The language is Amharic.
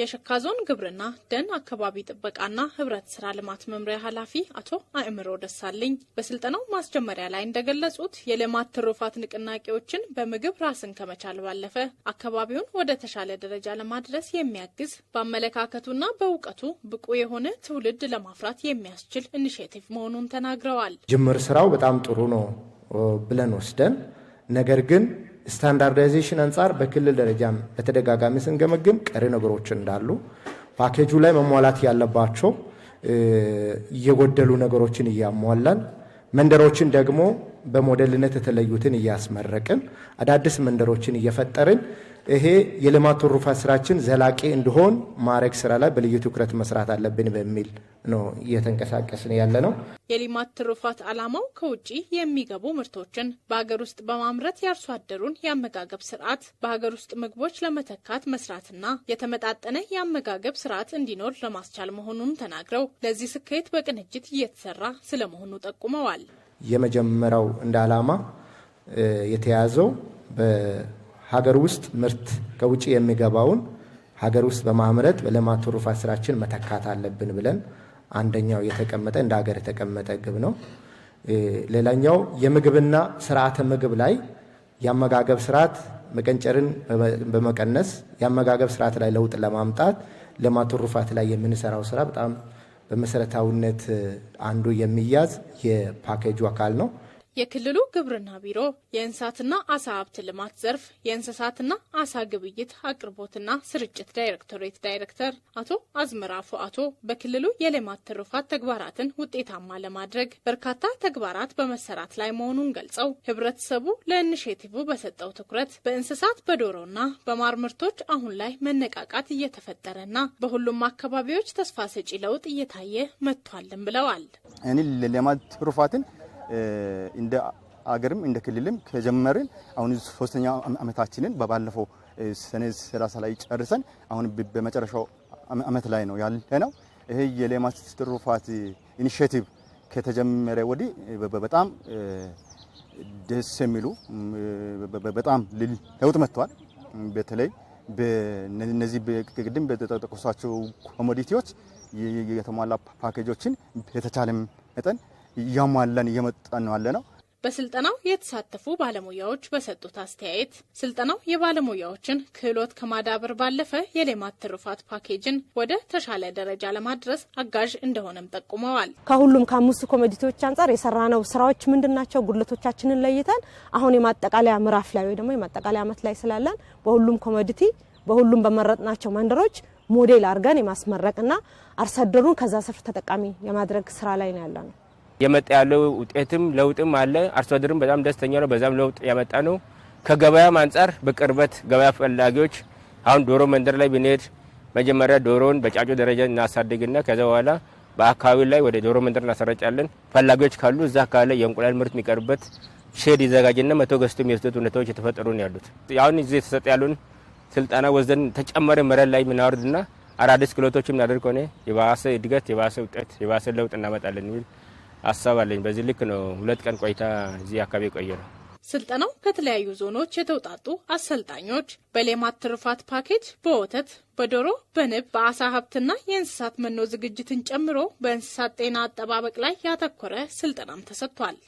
የሸካ ዞን ግብርና ደን አካባቢ ጥበቃና ህብረት ስራ ልማት መምሪያ ኃላፊ አቶ አእምሮ ደሳለኝ በስልጠናው ማስጀመሪያ ላይ እንደገለጹት የልማት ትሩፋት ንቅናቄዎችን በምግብ ራስን ከመቻል ባለፈ አካባቢውን ወደ ተሻለ ደረጃ ለማድረስ የሚያግዝ በአመለካከቱና በእውቀቱ ብቁ የሆነ ትውልድ ለማፍራት የሚያስችል ኢኒሽቲቭ መሆኑን ተናግረዋል። ጅምር ስራው በጣም ጥሩ ነው ብለን ወስደን ነገር ግን ስታንዳርዳይዜሽን አንጻር በክልል ደረጃም በተደጋጋሚ ስንገመግም ቀሪ ነገሮች እንዳሉ ፓኬጁ ላይ መሟላት ያለባቸው እየጎደሉ ነገሮችን እያሟላን መንደሮችን ደግሞ በሞዴልነት የተለዩትን እያስመረቅን አዳዲስ መንደሮችን እየፈጠርን ይሄ የልማት ትሩፋት ስራችን ዘላቂ እንዲሆን ማድረግ ስራ ላይ በልዩ ትኩረት መስራት አለብን በሚል ነው እየተንቀሳቀስን ያለ ነው። የሌማት ትሩፋት ዓላማው ከውጭ የሚገቡ ምርቶችን በሀገር ውስጥ በማምረት የአርሶ አደሩን የአመጋገብ ስርዓት በሀገር ውስጥ ምግቦች ለመተካት መስራትና የተመጣጠነ የአመጋገብ ስርዓት እንዲኖር ለማስቻል መሆኑን ተናግረው ለዚህ ስኬት በቅንጅት እየተሰራ ስለመሆኑ ጠቁመዋል። የመጀመሪያው እንደ ዓላማ የተያዘው በሀገር ውስጥ ምርት ከውጭ የሚገባውን ሀገር ውስጥ በማምረት በሌማት ትሩፋት ስራችን መተካት አለብን ብለን አንደኛው የተቀመጠ እንደ ሀገር የተቀመጠ ግብ ነው። ሌላኛው የምግብና ስርዓተ ምግብ ላይ የአመጋገብ ስርዓት መቀንጨርን በመቀነስ የአመጋገብ ስርዓት ላይ ለውጥ ለማምጣት ልማት ትሩፋት ላይ የምንሰራው ስራ በጣም በመሰረታዊነት አንዱ የሚያዝ የፓኬጁ አካል ነው። የክልሉ ግብርና ቢሮ የእንስሳትና አሳ ሀብት ልማት ዘርፍ የእንስሳትና አሳ ግብይት አቅርቦትና ስርጭት ዳይሬክቶሬት ዳይሬክተር አቶ አዝመራ ፎአቶ በክልሉ የልማት ትሩፋት ተግባራትን ውጤታማ ለማድረግ በርካታ ተግባራት በመሰራት ላይ መሆኑን ገልጸው ህብረተሰቡ ለኢኒሼቲቭ በሰጠው ትኩረት በእንስሳት በዶሮና በማር ምርቶች አሁን ላይ መነቃቃት እየተፈጠረና በሁሉም አካባቢዎች ተስፋ ሰጪ ለውጥ እየታየ መጥቷልን ብለዋል። እንደ አገርም እንደ ክልልም ከጀመርን አሁን ሶስተኛ አመታችንን በባለፈው ሰኔ 30 ላይ ጨርሰን አሁን በመጨረሻው አመት ላይ ነው ያለ ነው። ይሄ የሌማት ትሩፋት ከተጀመረ ወዲህ በጣም ደስ የሚሉ በጣም ለውጥ መጥቷል። በተለይ በነዚህ ቅድም በተጠቀሷቸው ኮሞዲቲዎች የተሟላ ፓኬጆችን የተቻለ መጠን እያሟላን እየመጣን ነው ያለ ነው። በስልጠናው የተሳተፉ ባለሙያዎች በሰጡት አስተያየት ስልጠናው የባለሙያዎችን ክህሎት ከማዳበር ባለፈ የሌማት ትሩፋት ፓኬጅን ወደ ተሻለ ደረጃ ለማድረስ አጋዥ እንደሆነም ጠቁመዋል። ከሁሉም ከአምስቱ ኮሚዲቲዎች አንጻር የሰራነው ስራዎች ምንድን ናቸው? ጉድለቶቻችንን ለይተን አሁን የማጠቃለያ ምዕራፍ ላይ ወይ ደግሞ የማጠቃለያ አመት ላይ ስላለን በሁሉም ኮሚዲቲ በሁሉም በመረጥናቸው መንደሮች ሞዴል አድርገን የማስመረቅና አርሶ አደሩን ከዛ ስፍር ተጠቃሚ የማድረግ ስራ ላይ ነው ያለነው። የመጣ ያለው ውጤትም ለውጥም አለ። አርሶ አደሩም በጣም ደስተኛ ነው። በዛም ለውጥ ያመጣ ነው። ከገበያም አንጻር በቅርበት ገበያ ፈላጊዎች አሁን ዶሮ መንደር ላይ ብንሄድ መጀመሪያ ዶሮን በጫጩ ደረጃ እናሳድግና ከዛ በኋላ በአካባቢ ላይ ወደ ዶሮ መንደር እናሰራጫለን። ፈላጊዎች ካሉ እዛ አካባቢ ላይ የእንቁላል ምርት የሚቀርብበት ሼድ ይዘጋጅና መቶ ገዝቶ የሚወስዱት ሁኔታዎች የተፈጠሩ ነው ያሉት። አሁን ጊዜ የተሰጠ ያሉን ስልጠና ወስደን ተጨማሪ መረድ ላይ የምናወርድና አዳዲስ ክህሎቶች የምናደርግ ከሆነ የባሰ እድገት፣ የባሰ ውጤት፣ የባሰ ለውጥ እናመጣለን የሚል አለኝ። በዚህ ልክ ነው ሁለት ቀን ቆይታ እዚህ አካባቢ ቆየ ነው። ስልጠናው ከተለያዩ ዞኖች የተውጣጡ አሰልጣኞች በሌማት ትሩፋት ፓኬጅ በወተት በዶሮ በንብ በአሳ ሀብትና የእንስሳት መኖ ዝግጅትን ጨምሮ በእንስሳት ጤና አጠባበቅ ላይ ያተኮረ ስልጠናም ተሰጥቷል።